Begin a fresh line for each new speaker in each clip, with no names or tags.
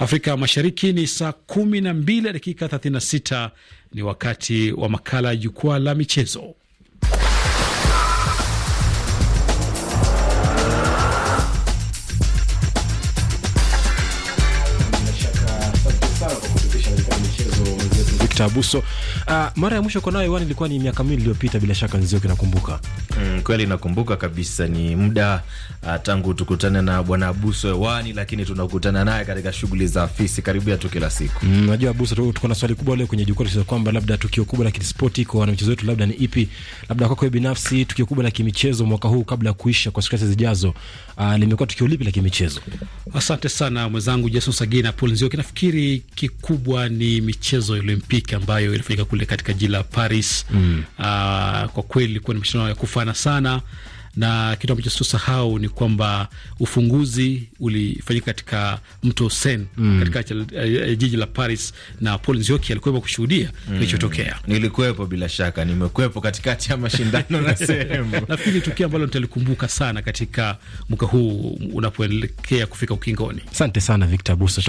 Afrika Mashariki ni saa kumi na mbili dakika 36, ni wakati wa makala ya jukwaa la michezo. Victor Abuso. Uh, mara ya mwisho konao Iwan ilikuwa ni miaka miwili iliyopita, bila shaka Nzioki, nakumbuka mm, kweli nakumbuka
kabisa. Ni muda uh, tangu tukutane na bwana Abuso hewani, lakini tunakutana naye katika shughuli za afisi karibia tu kila siku.
Mm, najua Abuso, tuko na swali kubwa leo kwenye jukwaa la kwamba labda tukio kubwa la kispoti kwa wanamichezo wetu labda ni ipi, labda kwako binafsi tukio kubwa la kimichezo mwaka huu kabla ya kuisha kwa siku zijazo uh, limekuwa tukio lipi la kimichezo? Asante sana mwenzangu Jason Sagina Paul Nzioki. Nafikiri kikubwa ni michezo ya Olimpiki ambayo ilifanyika kule katika jiji la Paris. Mm. Uh, kwa kweli ilikuwa ni mashindano ya kufana sana na kitu ambacho sitosahau ni kwamba ufunguzi ulifanyika katika mto Sen mm. katika uh, jiji la Paris na Paul Nzioki alikuwepo kushuhudia mm. kilichotokea.
Nilikuwepo bila shaka, nimekuwepo katikati ya mashindano na sehemu
nafikiri tukio ambalo nitalikumbuka sana katika mwaka huu unapoelekea kufika ukingoni. Asante sana Victor Buso.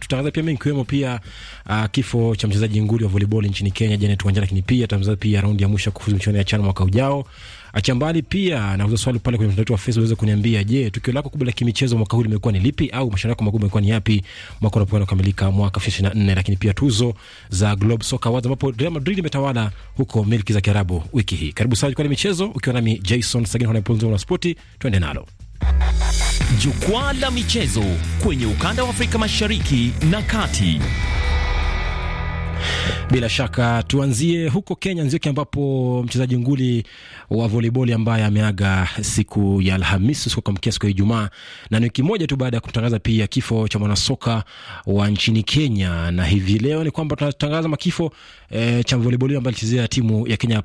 Tutaangaza pia mengi ikiwemo pia uh, kifo cha mchezaji nguli wa volleyball nchini Kenya Janet Wanjala, lakini pia tutaangaza pia raundi ya mwisho ya kufuzu michuano ya CHAN mwaka ujao Acha mbali pia na kuuza swali pale kwenye mtandao wa Facebook, unaweza kuniambia, je, tukio lako kubwa la kimichezo mwaka huu limekuwa ni lipi, au mashindano yako makubwa yamekuwa ni yapi mwaka unapokwenda kukamilika mwaka 2024? Lakini pia tuzo za Globe Soccer Awards ambapo Real Madrid imetawala huko milki za Kiarabu wiki hii. Karibu sana kwa michezo, ukiwa nami Jason Sagina na Ponzo na Sporti, twende nalo jukwaa la michezo kwenye ukanda wa Afrika Mashariki na Kati. Bila shaka tuanzie huko Kenya, Nzioki, ambapo mchezaji nguli wa volleyball ambaye ameaga siku ya Alhamisi usiku kuamkia siku ya Ijumaa, na ni wiki moja tu baada ya kumtangaza pia kifo cha mwanasoka wa nchini Kenya. Na hivi leo ni kwamba tunatangaza makifo e, cha volleyball ambaye alichezea timu ya Kenya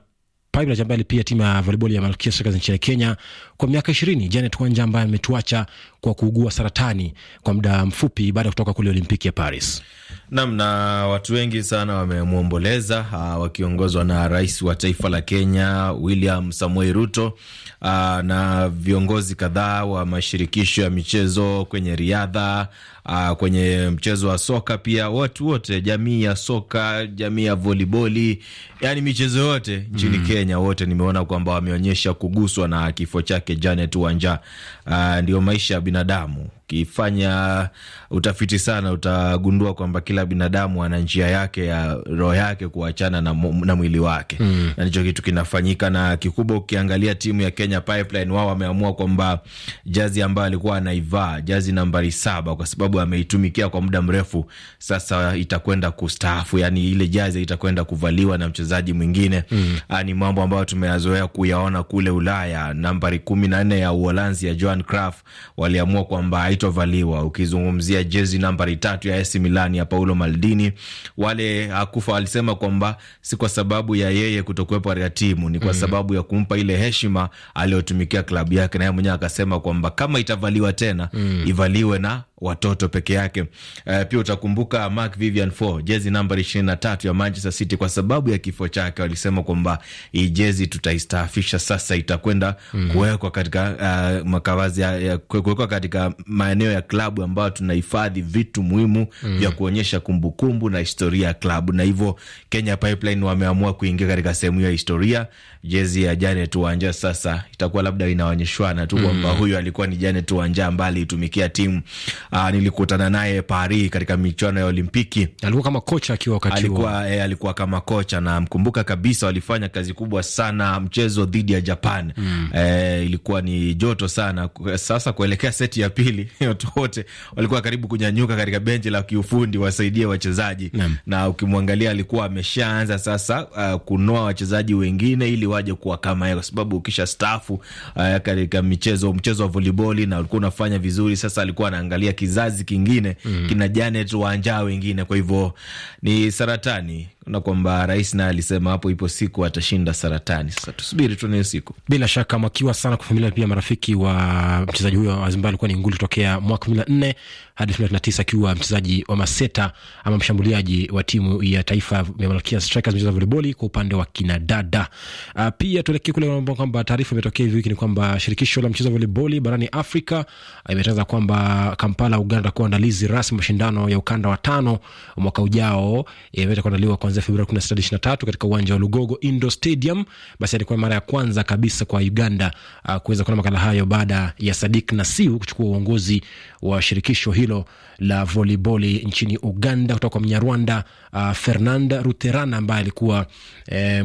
Pirates ambaye pia timu ya volleyball ya Malkia Stars nchini Kenya kwa miaka ishirini, Janet Wanja ambaye ametuacha kwa kuugua saratani kwa muda mfupi baada ya kutoka kule Olimpiki ya Paris.
Nam na watu wengi sana wamemwomboleza ah, wakiongozwa na rais wa taifa la Kenya William Samoei Ruto aa, ah, na viongozi kadhaa wa mashirikisho ya michezo kwenye riadha aa, ah, kwenye mchezo wa soka pia, watu wote, jamii ya soka, jamii ya voliboli, yani michezo yote nchini mm. Kenya, wote nimeona kwamba wameonyesha kuguswa na kifo chake Janet Wanja. Ndio maisha binadamu ukifanya utafiti sana utagundua kwamba kila binadamu ana njia yake ya roho yake kuachana na, na mwili wake mm. na ndicho kitu kinafanyika na kikubwa. Ukiangalia timu ya Kenya Pipeline, wao wameamua kwamba jazi ambayo alikuwa anaivaa jazi nambari saba, kwa sababu ameitumikia kwa muda mrefu, sasa itakwenda kustaafu, yani ile jazi itakwenda kuvaliwa na mchezaji mwingine mm. Ni mambo ambayo tumeyazoea kuyaona kule Ulaya. Nambari kumi na nne ya Uholanzi ya Johan Cruyff waliamua kwamba kilitovaliwa, ukizungumzia jezi nambari tatu ya AC Milan ya Paulo Maldini. Wale akufa walisema kwamba si kwa sababu ya yeye kutokuwepo katika timu, ni kwa mhm. sababu ya kumpa ile heshima aliyotumikia klabu yake, na yeye mwenyewe akasema kwamba kama itavaliwa tena, mm. ivaliwe na watoto peke yake. Uh, pia utakumbuka Mark Vivian Foe, jezi namba ishirini na tatu ya Manchester City, kwa sababu ya kifo chake walisema kwamba hii jezi tutaistaafisha sasa, itakwenda mm. kuwekwa katika uh, eh, makavazi kuwekwa katika maeneo ya klabu ambayo tunahifadhi vitu muhimu mm. vya kuonyesha kumbukumbu -kumbu na historia ya klabu, na hivyo Kenya Pipeline wameamua kuingia katika sehemu hiyo ya historia. Jezi ya Janet Wanja sasa itakuwa labda inaonyeshwana tu mm. kwamba mm. huyo alikuwa ni Janet Wanja ambaye aliitumikia timu uh, nilikutana naye Paris katika michuano ya Olimpiki. Alikuwa kama kocha akiwa wakati alikuwa, eh, alikuwa kama kocha na mkumbuka kabisa, walifanya kazi kubwa sana mchezo dhidi ya Japan mm. Eh, ilikuwa ni joto sana. Sasa kuelekea seti ya pili watu wote walikuwa karibu kunyanyuka katika benchi la kiufundi wasaidie wachezaji mm. na ukimwangalia alikuwa ameshaanza sasa uh, kunoa wachezaji wengine ili waje kuwa kama yeye, kwa sababu ukisha stafu uh, eh, katika michezo mchezo wa voliboli na ulikuwa unafanya vizuri, sasa alikuwa anaangalia kizazi kingine mm. kina Janet Wanjao wengine, kwa hivyo ni saratani na kwamba rais naye alisema hapo ipo siku atashinda saratani. Sasa tusubiri tuone hiyo siku.
Bila shaka mwakiwa sana kwa familia pia marafiki wa mchezaji huyo wa Zimbabwe, alikuwa ni nguli tokea mwaka elfu mbili na nne hadi elfu mbili na tisa akiwa mchezaji wa maseta ama mshambuliaji wa timu ya taifa ya Malkia Strikers mchezo wa voleboli kwa upande wa kinadada. Uh, ah, pia tuelekee kule kwamba taarifa imetokea hivi wiki ni kwamba shirikisho la mchezo wa voleboli barani Afrika ah, imetangaza kwamba Kampala, Uganda, kuwa andalizi rasmi mashindano ya ukanda wa tano mwaka ujao yameweza eh, kuandaliwa kwa kuanzia Februari 16 23 katika uwanja wa Lugogo Indo Stadium. Basi alikuwa mara ya kwanza kabisa kwa Uganda uh, kuweza kuona makala hayo baada ya Sadik Nasiu kuchukua uongozi wa shirikisho hilo la voliboli nchini Uganda kutoka kwa Mnyarwanda uh, Fernand Ruterana ambaye alikuwa eh,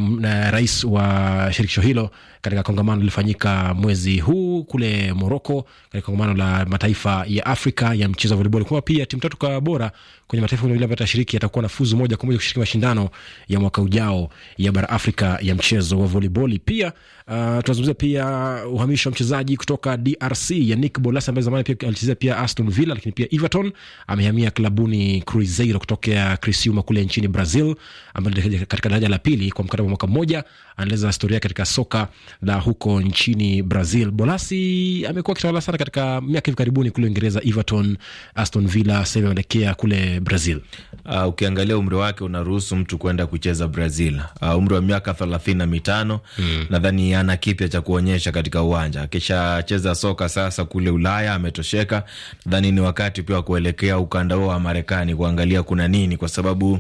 rais wa shirikisho hilo katika kongamano lilifanyika mwezi huu kule Moroko, katika kongamano la mataifa ya Afrika ya mchezo wa voliboli. Kwa pia timu tatu bora kwenye mataifa kumi ambayo atashiriki atakuwa na fuzu moja kwa moja kushiriki mashindano ya mwaka ujao ya bara Afrika ya mchezo wa voliboli. Pia Uh, tunazungumzia pia uhamisho wa mchezaji kutoka DRC Yannick Bolasie ambaye zamani pia alichezea pia Aston Villa, lakini pia Everton. Amehamia klabuni Cruzeiro kutokea Criciúma kule nchini Brazil, ambaye katika daraja la pili kwa mkataba wa mwaka mmoja. Anaeleza historia katika soka la huko nchini Brazil. Bolasi amekuwa akitawala sana katika miaka hivi karibuni kule Uingereza, Everton, Aston Villa, sasa ameelekea kule Brazil.
Uh, ukiangalia umri wake unaruhusu mtu kwenda kucheza Brazil, uh, umri wa miaka thelathini na mitano hmm. nadhani ana kipya cha kuonyesha katika uwanja. Akishacheza soka sasa kule Ulaya ametosheka, nadhani ni wakati pia wa kuelekea ukanda huo wa Marekani kuangalia kuna nini, kwa sababu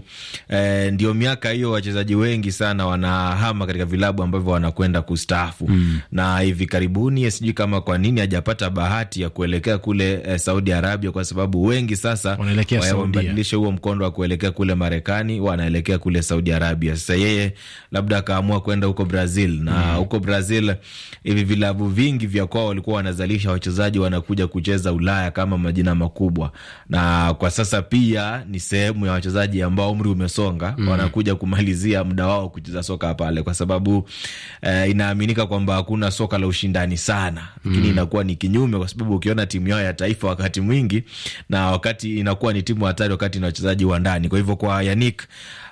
eh, ndio miaka hiyo wachezaji wengi sana wanahama katika vilabu ambavyo wanakwenda kustaafu mm. na hivi karibuni, eh, sijui kama kwa nini hajapata bahati ya kuelekea kule eh, Saudi Arabia, kwa sababu wengi sasa wamebadilisha huo mkondo wa kuelekea kule Marekani, wanaelekea kule Saudi Arabia. Sasa yeye labda akaamua kwenda huko Brazil na mm. huko Brazil, hivi vilabu vingi vya kwao walikuwa wanazalisha wachezaji wanakuja kucheza Ulaya kama majina makubwa, na kwa sasa pia ni sehemu ya wachezaji ambao umri umesonga mm. wanakuja kumalizia muda wao kucheza soka pale, kwa sababu eh, inaaminika kwamba hakuna soka la ushindani sana, lakini mm. inakuwa ni kinyume, kwa sababu ukiona timu yao ya taifa wakati mwingi na wakati inakuwa ni timu hatari wakati na wachezaji wa ndani, kwa hivyo kwa Yannick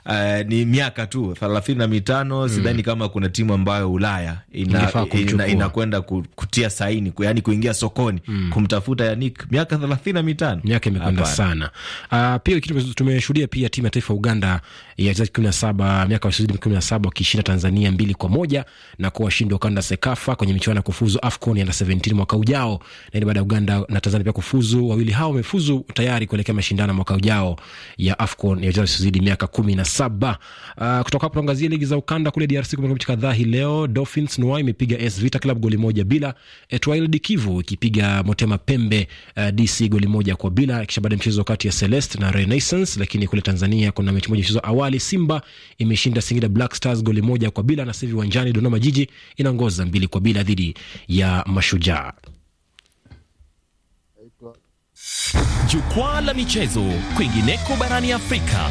uh, ni miaka tu thelathini na mitano mm. Sidhani kama kuna timu ambayo Ulaya inakwenda ina, ina, kutia
saini, yani kuingia sokoni mm. kumtafuta Yanik Miaka thelathini na mitano, miaka imekwenda sana. Uh, pia tumeshuhudia pia timu ya taifa Uganda ya wachezaji kumi na saba miaka wachezaji kumi na saba wakishinda Tanzania mbili kwa moja na kuwa washindi wa kanda Sekafa kwenye michuano ya kufuzu AFCON under 17 mwaka ujao, na ni baada ya Uganda na Tanzania pia kufuzu. Wawili hao wamefuzu tayari kuelekea mashindano mwaka ujao ya AFCON ya wachezaji wasiozidi miaka kumi na saba. Uh, kutoka hapo tuangazie ligi za ukanda kule DRC. Kumekuwa mechi kadhaa hii leo. Dolphins Noa imepiga AS Vita Club goli moja bila. Etwail Kivu ikipiga Motema Pembe uh, ah, DC goli moja kwa bila, kisha baada ya mchezo kati ya Celeste na Renaissance. Lakini kule Tanzania kuna mechi moja mchezo awali awali Simba imeshinda Singida Black Stars goli moja kwa bila, na sasa hivi uwanjani Dodoma Jiji inaongoza mbili kwa bila dhidi ya Mashujaa. Jukwaa la michezo kwingineko barani Afrika.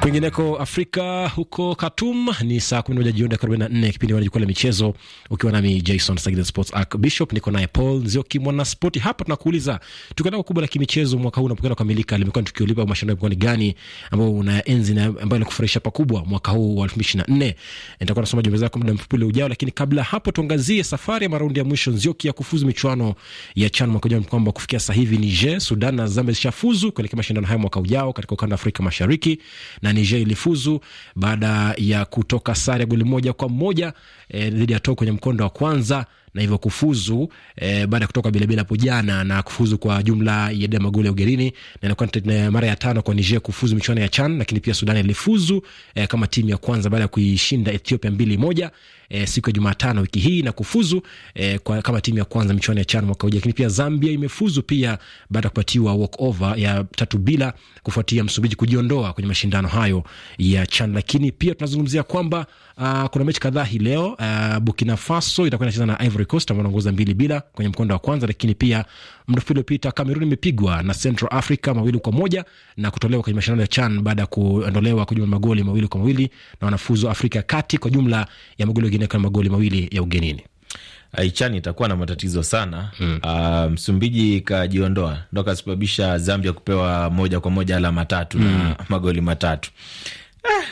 Kwingineko Afrika, huko Khartoum ni saa kumi 11 jioni nne kipindi cha jukwaa la michezo, ukiwa nami Jason Sagida Sports Arc Bishop, niko naye Paul Nzioki, mwana spoti hapa. Tunakuuliza tukio lako kubwa la kimichezo mwaka huu unapokwenda kukamilika, limekuwa ni tukio lipi au mashindano yamekuwa ni gani ambayo unaenzi na ambayo inakufurahisha pakubwa mwaka huu wa elfu mbili na nne? Nitakuwa nasoma jumbe zako muda mfupi ujao, lakini kabla hapo tuangazie safari ya maraundi ya mwisho Nzioki ya kufuzu michuano ya CHAN mwaka ujao, kwamba kufikia sasa hivi Niger, Sudan na Zambia zishafuzu kuelekea mashindano hayo mwaka ujao katika ukanda wa Afrika Mashariki na Niger ilifuzu baada ya kutoka sare ya goli moja kwa moja e, dhidi ya Togo kwenye mkondo wa kwanza na hivyo kufuzu e, baada ya kutoka bilabila hapo jana na kufuzu kwa jumla ya magoli ya ugerini na inakuwa mara ya tano kwa Niger kufuzu michuano ya CHAN. Lakini pia Sudan ilifuzu e, kama timu ya kwanza baada ya kuishinda Ethiopia mbili moja e, siku ya Jumatano wiki hii na kufuzu e, kwa, kama timu ya kwanza michuano ya CHAN mwaka uja. Lakini pia Zambia imefuzu pia baada ya kupatiwa walkover ya tatu bila kufuatia Msumbiji kujiondoa kwenye mashindano hayo ya CHAN. Lakini pia tunazungumzia kwamba uh, kuna mechi kadhaa hii leo uh, Burkina Faso itakuwa inacheza na Ivory Coast ambao wanaongoza mbili bila kwenye mkondo wa kwanza, lakini pia muda mfupi uliopita Kamerun imepigwa na Central Africa mawili kwa moja na kutolewa kwenye mashindano ya CHAN baada ya kuondolewa kwa jumla magoli mawili kwa mawili na wanafuzu Afrika ya Kati kwa jumla ya magoli wengine kwa magoli mawili ya ugenini. Aichani
itakuwa na matatizo sana hmm. Uh, Msumbiji ikajiondoa ndo kasababisha Zambia kupewa moja kwa moja alama tatu hmm. na magoli matatu eh,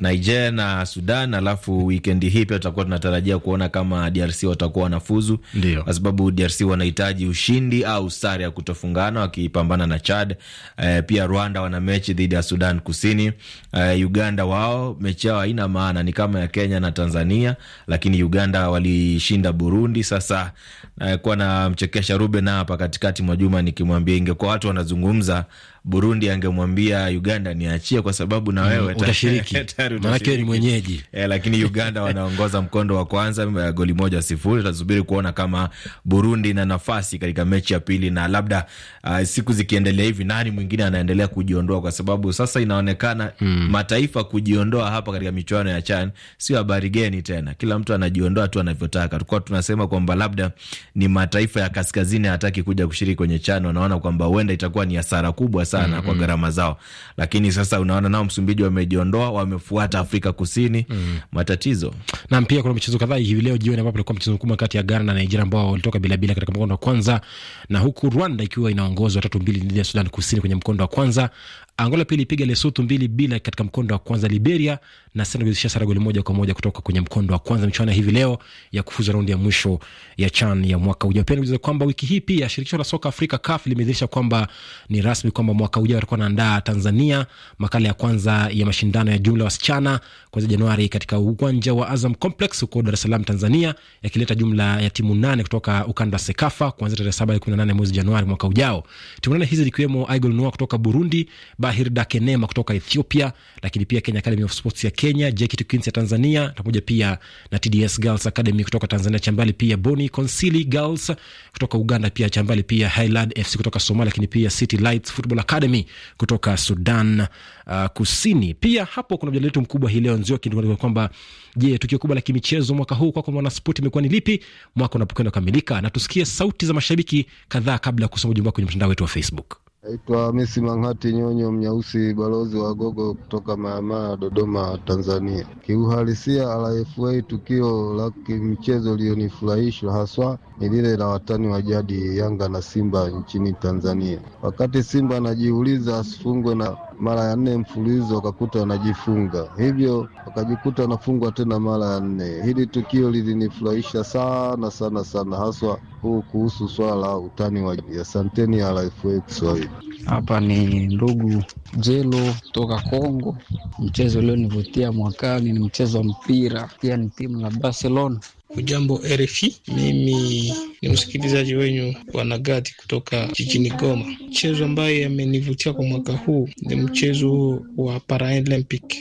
Niger na Sudan, alafu wikendi hii pia tutakuwa tunatarajia kuona kama DRC watakuwa wanafuzu, kwa sababu DRC wanahitaji ushindi au sare ya kutofungana wakipambana na Chad. Eh, pia Rwanda wana mechi dhidi ya Sudan Kusini. Eh, Uganda wao mechi yao haina maana, ni kama ya Kenya na Tanzania, lakini Uganda walishinda Burundi. Sasa e, kuwa na mchekesha Ruben hapa katikati mwa juma nikimwambia ingekuwa watu wanazungumza Burundi angemwambia Uganda niachie, kwa sababu na mm, wewe mm, utashiriki maanake ni
mwenyeji
e, lakini Uganda wanaongoza mkondo wa kwanza eh, goli moja sifuri. Tasubiri kuona kama Burundi na nafasi katika mechi ya pili, na labda uh, siku zikiendelea hivi, nani mwingine anaendelea kujiondoa, kwa sababu sasa inaonekana mm, mataifa kujiondoa hapa katika michuano ya CHAN sio habari geni tena, kila mtu anajiondoa tu anavyotaka. Tulikuwa tunasema kwamba labda ni mataifa ya kaskazini hataki kuja kushiriki kwenye CHAN, wanaona kwamba huenda itakuwa ni hasara kubwa sana sana mm -hmm. kwa mm-hmm. gharama zao, lakini sasa unaona nao Msumbiji wamejiondoa, wamefuata Afrika
Kusini mm -hmm. matatizo nam. Pia kuna michezo kadhaa hivi leo jioni, ambapo ulikuwa mchezo mkubwa kati ya Ghana na Nigeria ambao walitoka bilabila katika mkondo wa kwanza, na huku Rwanda ikiwa inaongozwa tatu mbili dhidi ya Sudan Kusini kwenye mkondo wa kwanza, Angola pia ilipiga Lesotho mbili bila katika mkondo wa kwanza. Liberia na Senegal zilishasara goli moja kwa moja kutoka kwenye mkondo wa kwanza michuano hivi leo ya kufuzu raundi ya mwisho ya CHAN ya mwaka ujao. Pia niulize kwamba wiki hii pia shirikisho la soka Afrika CAF limeidhinisha kwamba ni rasmi kwamba mwaka ujao watakuwa wanaandaa Tanzania makala ya kwanza ya mashindano ya jumla wasichana kuanzia Januari katika uwanja wa Azam Complex huko Dar es Salaam, Tanzania, yakileta jumla ya timu nane kutoka ukanda Sekafa kuanzia tarehe saba hadi kumi na nane mwezi Januari mwaka ujao. Timu nane hizi zikiwemo Igol Noa kutoka Burundi, Bahir Dakenema kutoka Ethiopia, lakini pia Kenya Academy of Sports ya Kenya, JKT Tukins ya Tanzania, pamoja pia na TDS Girls Academy kutoka Tanzania, Chambali pia Boni Consili Girls kutoka Uganda, pia Chambali pia Highland FC kutoka Somalia, lakini pia City Lights Football Academy kutoka Sudan uh, Kusini. Pia hapo kuna mjadala wetu mkubwa hii leo Nzioki, ndio kwamba je, tukio kubwa la kimichezo mwaka huu kwako mwanaspoti imekuwa ni lipi mwaka unapokwenda kukamilika, na tusikie sauti za mashabiki kadhaa kabla ya kusoma ujumbe kwenye mtandao wetu wa Facebook.
Naitwa Hamisi Manghati Nyonyo Mnyausi, balozi wa gogo kutoka Mayamaa, Dodoma, Tanzania. Kiuhalisia RFA, tukio la kimchezo lilionifurahisha haswa ni lile la watani wa jadi Yanga na Simba nchini Tanzania. Wakati Simba anajiuliza asifungwe na mara ya nne mfululizo wakakuta wanajifunga, hivyo wakajikuta wanafungwa tena mara ya nne. Hili tukio lilinifurahisha sana sana sana, haswa huu kuhusu swala la utani wa. Asanteni RFA Kiswahili.
Hapa ni ndugu Jelo kutoka Kongo. Mchezo ulionivutia mwakani ni mchezo wa mpira, pia ni timu la Barcelona Ujambo RFI, mimi ni msikilizaji wenyu wanagati kutoka jijini Goma. Mchezo ambayo amenivutia kwa mwaka huu ni mchezo wa Paralympic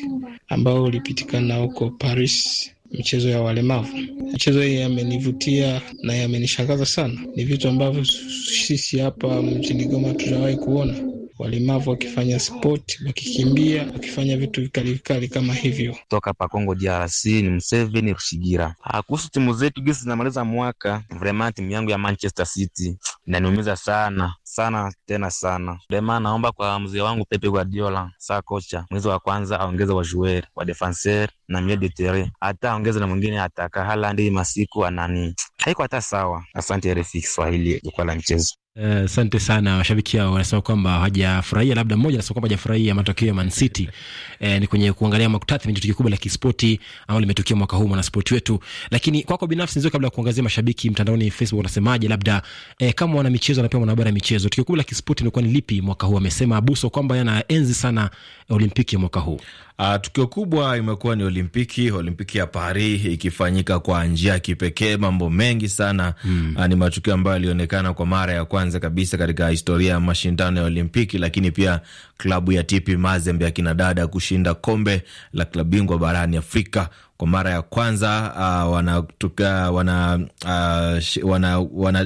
ambao ulipitikana huko Paris, mchezo ya walemavu. Mchezo hii yamenivutia na yamenishangaza sana, ni vitu ambavyo sisi hapa mjini Goma tujawahi kuona walemavu wakifanya sport, wakikimbia, wakifanya vitu vikali vikali kama hivyo.
Toka pa Kongo DRC ni Mseveni Rushigira. Ah, kuhusu timu zetu gisi zinamaliza mwaka, vraiment timu yangu ya Manchester City inaniumiza sana sana tena sana. dema, naomba kwa mzee wangu Pepe Guardiola, saa kocha, mwezi wa kwanza aongeze wajueri wa defenseur na milieu de terrain, hata aongeze na mwingine ataka Haaland. Masiku anani haiko hata sawa. Asante RFI
Kiswahili, jukwaa la michezo. Eh, asante uh, sana. Washabiki hao wanasema kwamba hawajafurahia, labda mmoja anasema kwamba hajafurahia matokeo ya Man City eh, ni kwenye kuangalia maktati, ni tukio kubwa la kispoti ambalo limetokea mwaka huu mwanaspoti wetu. Lakini kwako binafsi, nzio, kabla ya kuangazia mashabiki mtandaoni Facebook wanasemaje, labda eh, kama wana michezo na pia mwanahabari ya michezo, tukio kubwa la kispoti ilikuwa ni lipi mwaka huu? Amesema Abuso kwamba yanaenzi sana Olimpiki ya mwaka huu.
Uh, tukio kubwa imekuwa ni Olimpiki, Olimpiki ya Paris ikifanyika kwa njia ya kipekee, mambo mengi sana mm. Uh, ni matukio ambayo yalionekana kwa mara ya kwanza kabisa katika historia ya mashindano ya Olimpiki, lakini pia klabu ya TP Mazembe ya kinadada kushinda kombe la klabu bingwa barani Afrika kwa mara ya kwanza uh, wanashinda wana, uh, wana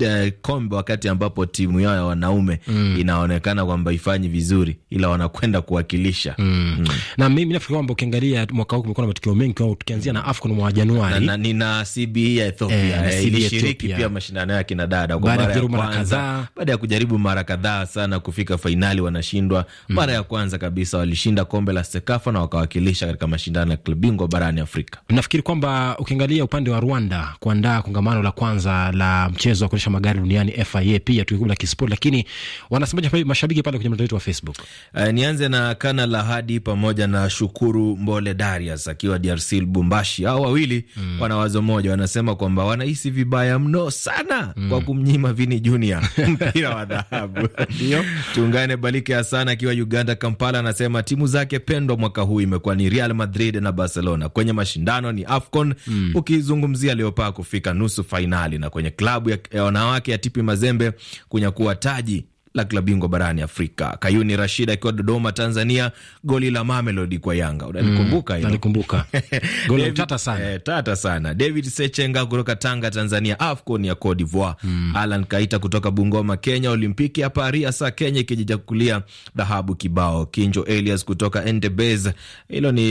Eh, kombe wakati ambapo timu yao ya wanaume mm. inaonekana kwamba ifanyi vizuri, ila wanakwenda kuwakilisha mm. Mm.
na mimi nafikiri kwamba ukiangalia mwaka huu kumekuwa na matukio mengi, tukianzia na AFCON mwa Januari na,
na, na e ya Ethiopia eh, eh, e ilishiriki pia mashindano ya kina dada kwa mara ya kwanza, baada ya kujaribu mara kadhaa sana kufika fainali wanashindwa mm. mara ya kwanza kabisa walishinda kombe la Sekafa na wakawakilisha katika mashindano ya klabu bingwa barani Afrika.
Nafikiri kwamba ukiangalia upande wa Rwanda kuandaa kongamano la kwanza la mchezo kuonyesha magari duniani FIA, pia tukio la kisport. Lakini wanasemaje mashabiki pale kwenye mtandao wetu wa Facebook?
Uh, nianze na Kana la hadi pamoja na Shukuru Mbole Darius akiwa DRC Lubumbashi. Hao wawili mm. wana wazo moja, wanasema kwamba wanahisi vibaya mno sana mm. kwa kumnyima Vini Junior mpira wa dhahabu. Ndio tuungane Balike sana akiwa Uganda, Kampala, anasema timu zake pendwa mwaka huu imekuwa ni Real Madrid na Barcelona kwenye mashindano ni AFCON mm. ukizungumzia aliyopaa kufika nusu fainali na kwenye klabu ya wanawake ya Tipi Mazembe kunyakua taji la klabu bingwa barani Afrika. Kayuni Rashid akiwa Dodoma, Tanzania, goli la Mamelodi kwa Yanga mm, unalikumbuka mm,
Nalikumbuka
goli tata sana, eh, tata sana. David Sechenga kutoka Tanga, Tanzania, AFCON ya Cote d'Ivoire. Mm. Alan Kaita kutoka Bungoma, Kenya, Olimpiki ya Paris asa Kenya ikijijakulia dhahabu kibao. Kinjo Elias kutoka Endebez, hilo ni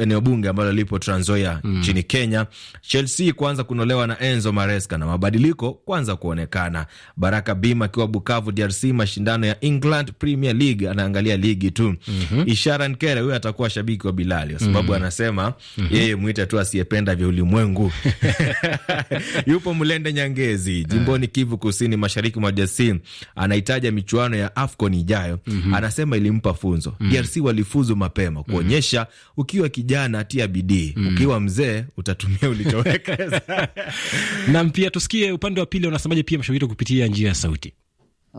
eneo bunge ambalo lipo Trans Nzoia mm. nchini mm. Kenya. Chelsea kwanza kunolewa na Enzo Maresca na mabadiliko kwanza kuonekana. Baraka Bima akiwa Bukavu walemavu DRC mashindano ya England Premier League, anaangalia ligi tu mm -hmm. Ishara Nkere huyo atakuwa shabiki wa Bilali kwa sababu mm -hmm. anasema mm -hmm. yeye mwite tu asiyependa vya ulimwengu yupo Mlende Nyangezi ah. jimboni Kivu Kusini mashariki mwa DRC, anahitaja michuano ya AFCON ijayo mm -hmm. anasema ilimpa funzo mm -hmm. DRC walifuzu mapema mhm. kuonyesha ukiwa kijana tia bidii mm -hmm. ukiwa mzee utatumia ulichowekeza.
Nam pia tusikie upande wa pili wanasemaje, pia mashauri kupitia njia ya sauti.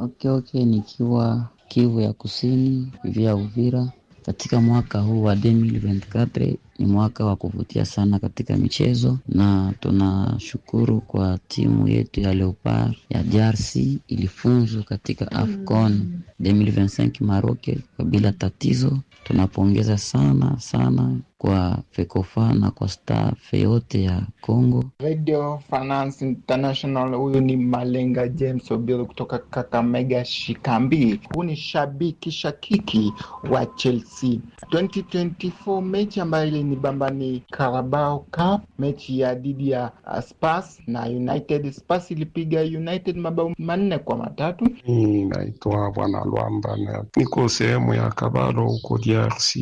Okeoke okay, okay,
nikiwa Kivu ya Kusini vya Uvira katika mwaka huu wa 2024 ni mwaka wa kuvutia sana katika michezo, na tunashukuru kwa timu yetu ya Leopard ya DRC ilifunzu katika mm. AFCON 2025 Maroke bila tatizo. Tunapongeza sana sana kwa Fekofa na kwa staff yote ya Congo
Radio France International. Huyu ni Malenga James Obil kutoka Kakamega Shikambi. Huu ni shabiki shakiki wa Chelsea. 2024 mechi ambayo ilinibamba ni Carabao Cup, mechi ya dhidi ya uh, Spurs na United. Spurs ilipiga United mabao manne kwa matatu. Naitwa Bwana Lwamba,
niko sehemu ya Kabalo huko DRC.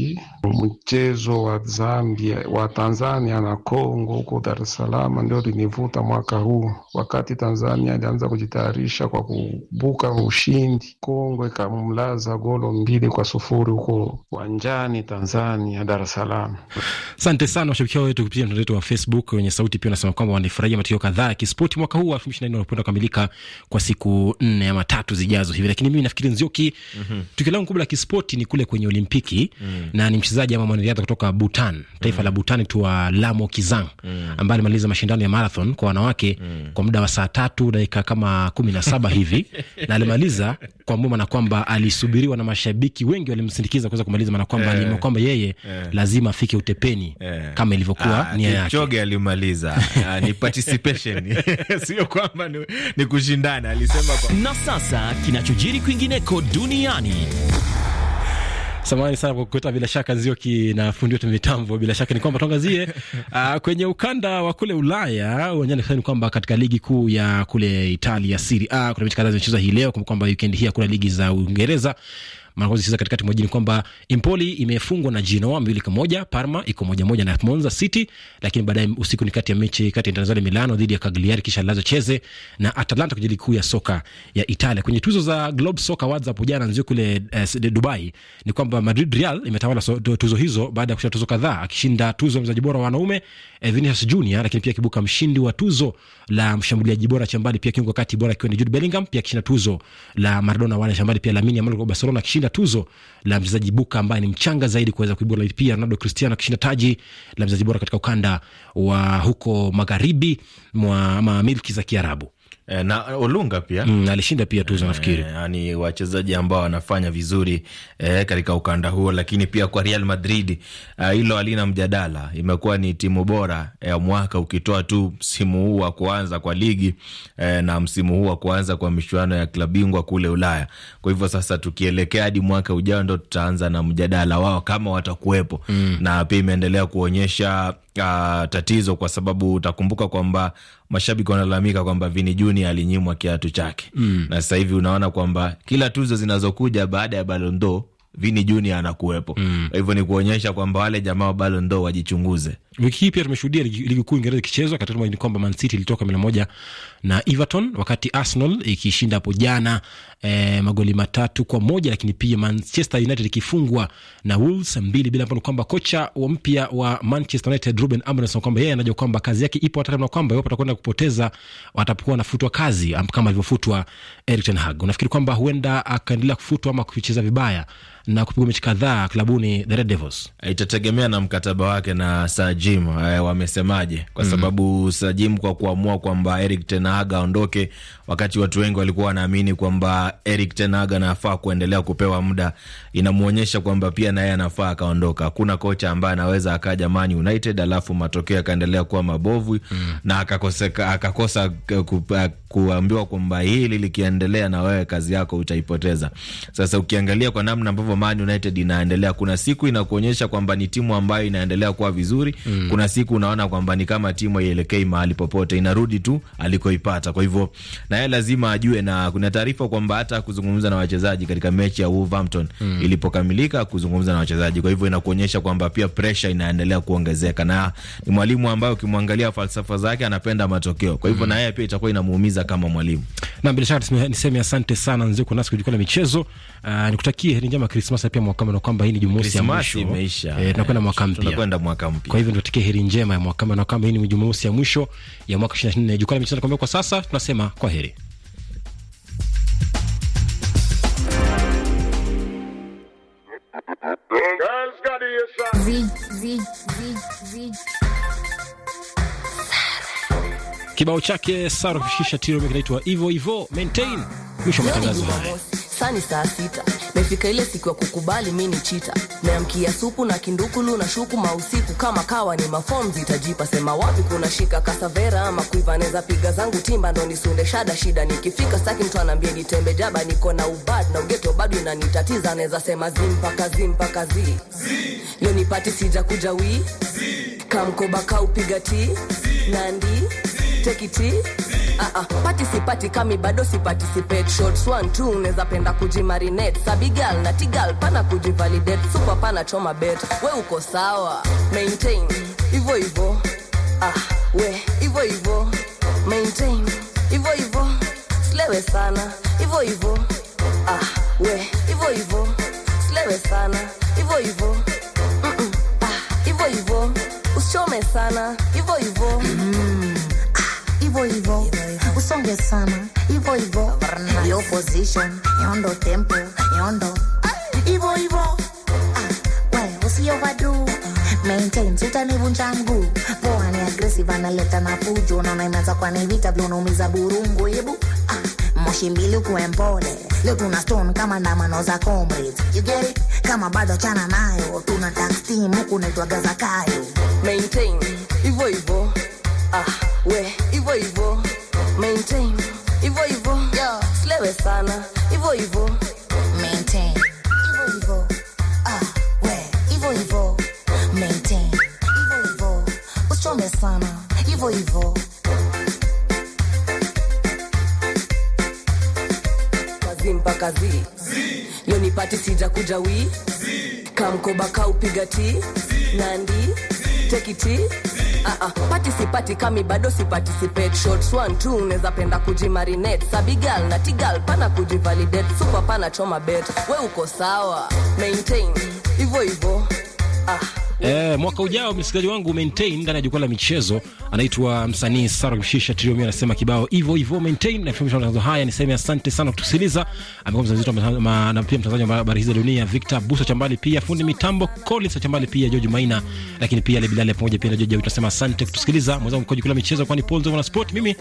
Mchezo wa Zambia, wa Tanzania na Kongo huko Dar es Salaam ndio linivuta mwaka huu. Wakati Tanzania ilianza kujitayarisha kwa kubuka ushindi, Kongo ikamlaza golo mbili kwa sufuri huko uwanjani Tanzania, Dar es Salaam. Asante sana washabiki wetu kupitia mtandao wetu wa Facebook wenye sauti, pia wanasema kwamba wanafurahia matukio kadhaa ya kispoti mwaka huu wa 2024 unapenda kukamilika kwa siku nne ama tatu zijazo hivi, lakini mimi nafikiri Nzioki, mm -hmm. tukio langu kubwa la kispoti ni kule kwenye Olimpiki mm -hmm. na ni mchezaji ama mwanariadha kutoka Botswana Bhutan, taifa mm. la Bhutan, tua Lamo Kizang mm. ambaye alimaliza mashindano ya marathon kwa wanawake mm. kwa muda wa saa tatu dakika kama kumi na saba hivi na alimaliza kwa na kwamba alisubiriwa na mashabiki wengi walimsindikiza kuweza kumaliza, maana kwamba eh, aliamua kwamba yeye eh, lazima afike utepeni eh, kama ilivyokuwa ah, nia yake.
choge alimaliza ah, ni participation,
sio kwamba ni, ni kushindana alisema kwa... na sasa kinachojiri kwingineko duniani Samahani sana kwa kukuta, bila shaka zio kinafundiwa tu mitambo. Bila shaka ni kwamba tuangazie uh, kwenye ukanda wa kule Ulaya uwanjani ni kwamba katika ligi kuu ya kule Italia Serie A kuna mechi kadhaa zimechezwa hii leo, kwamba weekend hii hakuna ligi za Uingereza Manakozi cheza katikati mwa jini kwamba Empoli imefungwa na Genoa mbili kwa moja, Parma iko moja moja na Monza City, lakini baadaye usiku ni kati ya mechi kati ya Internazionale Milano dhidi ya Cagliari, kisha Lazio cheze na Atalanta kwenye ligi kuu ya soka ya Italia. Kwenye tuzo za Globe Soccer Awards hapo jana nzio kule eh, Dubai ni kwamba Madrid Real imetawala so, tuzo hizo baada ya kushinda tuzo kadhaa, akishinda tuzo ya mchezaji bora wa wanaume eh, Vinicius Junior, lakini pia akibuka mshindi wa tuzo la mshambuliaji bora shambani, pia kiungo kati bora akiwa ni Jude Bellingham, pia akishinda tuzo la Maradona wa shambani, pia Lamine Yamal kwa Barcelona akishinda kushinda tuzo la mchezaji buka ambaye ni mchanga zaidi kuweza lakini pia Ronaldo Cristiano akishinda taji la mchezaji bora katika ukanda wa huko magharibi mwa milki za Kiarabu.
Eh, na Olunga pia
mm, alishinda pia tuzo eh, nafikiri. E,
yani wachezaji ambao wanafanya vizuri e, katika ukanda huo, lakini pia kwa Real Madrid hilo e, halina mjadala, imekuwa ni timu bora ya e, mwaka ukitoa tu msimu huu wa kuanza kwa ligi e, na msimu huu wa kuanza kwa michuano ya klabu bingwa kule Ulaya. Kwa hivyo sasa, tukielekea hadi mwaka ujao, ndo tutaanza na mjadala wao kama watakuwepo mm. na pia imeendelea kuonyesha uh, tatizo kwa sababu utakumbuka kwamba mashabiki wanalalamika kwamba Vini Junior alinyimwa kiatu chake mm. na sasa hivi unaona kwamba kila tuzo zinazokuja baada ya Balondo Vini Junior anakuwepo. Mm. Kwa mm. hivyo ni kuonyesha kwamba wale jamaa wa Balondo wajichunguze
Wiki hii pia tumeshuhudia ligi, kuu Uingereza ikichezwa katika ni kwamba Man City ilitoka bila moja na Everton, wakati Arsenal ikishinda hapo jana eh, magoli matatu kwa moja, lakini pia Manchester United ikifungwa na Wolves mbili bila, ambapo kwamba kocha wa mpya wa Manchester United Ruben Amorim kwamba yeye anajua kwamba kazi yake ipo, hata na kwamba iwapo atakwenda kupoteza watapokuwa wanafutwa kazi kama alivyofutwa Erik ten Hag. Unafikiri kwamba huenda akaendelea kufutwa ama kucheza vibaya na kupigwa mechi kadhaa klabuni the Red Devils?
Itategemea na mkataba wake na Sir Sajim eh, wamesemaje? Kwa mm. sababu Sajim kwa kuamua kwamba Erik Ten Hag aondoke, wakati watu wengi walikuwa wanaamini kwamba Eric Ten Hag anafaa kuendelea kupewa muda, inamwonyesha kwamba pia naye anafaa akaondoka. Hakuna kocha ambaye anaweza akaja Man United alafu matokeo yakaendelea kuwa mabovu mm. na akakosa, akakosa kuambiwa kwamba hili likiendelea na wewe kazi yako utaipoteza. Sasa ukiangalia kwa namna ambavyo Man United inaendelea, kuna siku inakuonyesha kwamba ni timu ambayo inaendelea kuwa vizuri mm. kuna siku unaona kwamba ni kama timu haielekei mahali popote, inarudi tu alikoipata. Kwa hivyo naye lazima ajue, na kuna taarifa kwamba hata kuzungumza na wachezaji katika mechi ya Wolverhampton mm. ilipokamilika kuzungumza na wachezaji. Kwa hivyo inakuonyesha kwamba pia pressure inaendelea kuongezeka, na ni mwalimu ambaye ukimwangalia falsafa zake anapenda matokeo. Kwa hivyo mm. naye pia itakuwa inamuumiza kama mwalimu.
Na bila shaka niseme asante sana Nziko nasi kujukua na michezo. Uh, nikutakie heri njema Christmas pia mwaka mpya, na kwamba hii ni Jumamosi ya mwisho imeisha,
eh, tunakwenda mwaka mpya, tunakwenda mwaka mpya.
Kwa hivyo nikutakie heri njema ya mwaka mpya, na kwamba hii ni Jumamosi ya mwisho ya mwaka 2024 jukwaa la michezo. Nakwambia kwa sasa tunasema kwa heri. Kibao chake sara kushikisha tiro kinaitwa hivo hivyo maintain. Mwisho matangazo haya.
Sani saa sita. Imefika ile siku ya kukubali mi ni chita, naamkia supu na kindukulu na shuku mausiku, kama kawa ni mafomzi zitajipa. Sema wapi kuna shika kasavera ama kuiva, neza piga zangu timba ndo nisunde shada shida. Nikifika saki mtu anaambia nitembe jaba, niko na ubad na ugeto bado inanitatiza, Neza sema zimpaka zimpaka zi leo nipati sija kuja wi kamkoba kaupiga ti nandi take it uh -uh. participate kami bado si participate shots one two unaweza penda kujimarinate sabigal na tigal pana kujivalidate super pana choma bet we uko sawa maintain hivyo hivyo ah we hivyo hivyo maintain hivyo hivyo slewe sana hivyo hivyo ah we hivyo hivyo slewe sana hivyo hivyo mm -mm. ah hivyo hivyo usichome sana hivyo hivyo mm. Mm-hmm hivyo hivyo, usonge sana hivyo hivyo, yo position yondo tempo yondo hivyo hivyo, ah, we usioverdo maintain, utanivunja mguu. Poa ni aggressive, analeta na fujo, unaona imeanza kwa ni vita, vile unaumiza burungu. Hebu ah, moshi mbili ukuwe mpole, leo tuna stone kama mano za comrades, you get it? Kama bado chana nayo, tuna tag team huku naitwa Gaza Kayo, maintain hivyo hivyo, ah we hivyo hivyo maintain hivyo hivyo yo slewe sana hivyo hivyo ah, kazi leo nipati sija kuja wi kamkoba kaupiga ti nandi zi take it uh-uh. kami bado participate shots one two unaweza penda kujimarinate sabigal na tigal pana kujivalidate super pana choma bet we uko sawa maintain hivyo hivyo
ah. Eh, mwaka ujao msikilizaji wangu maintain ndani ya jukwaa la michezo anaitwa msanii Saro Mshisha mimi anasema kibao hivyo hivyo maintain na filamu matangazo haya ni sema asante sana kutusikiliza. Amekuwa mzito na pia mtangazaji wa habari hizo dunia Victor Busa Chambali pia fundi mitambo Collins Chambali pia George Maina lakini pia Lebi Lale pamoja pia na George tunasema asante kutusikiliza. mwanzo kwa jukwaa la michezo kwani Ponzo na Sport mimi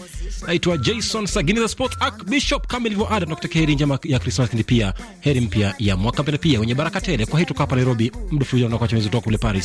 naitwa Jason Sagini za Sport ak Bishop kama ilivyo ada tunakutakia heri njema ya Christmas lakini pia heri mpya ya mwaka mpya pia wenye baraka tele. Kwa hiyo tukapa Nairobi mdufu ujao na kwa kule Paris.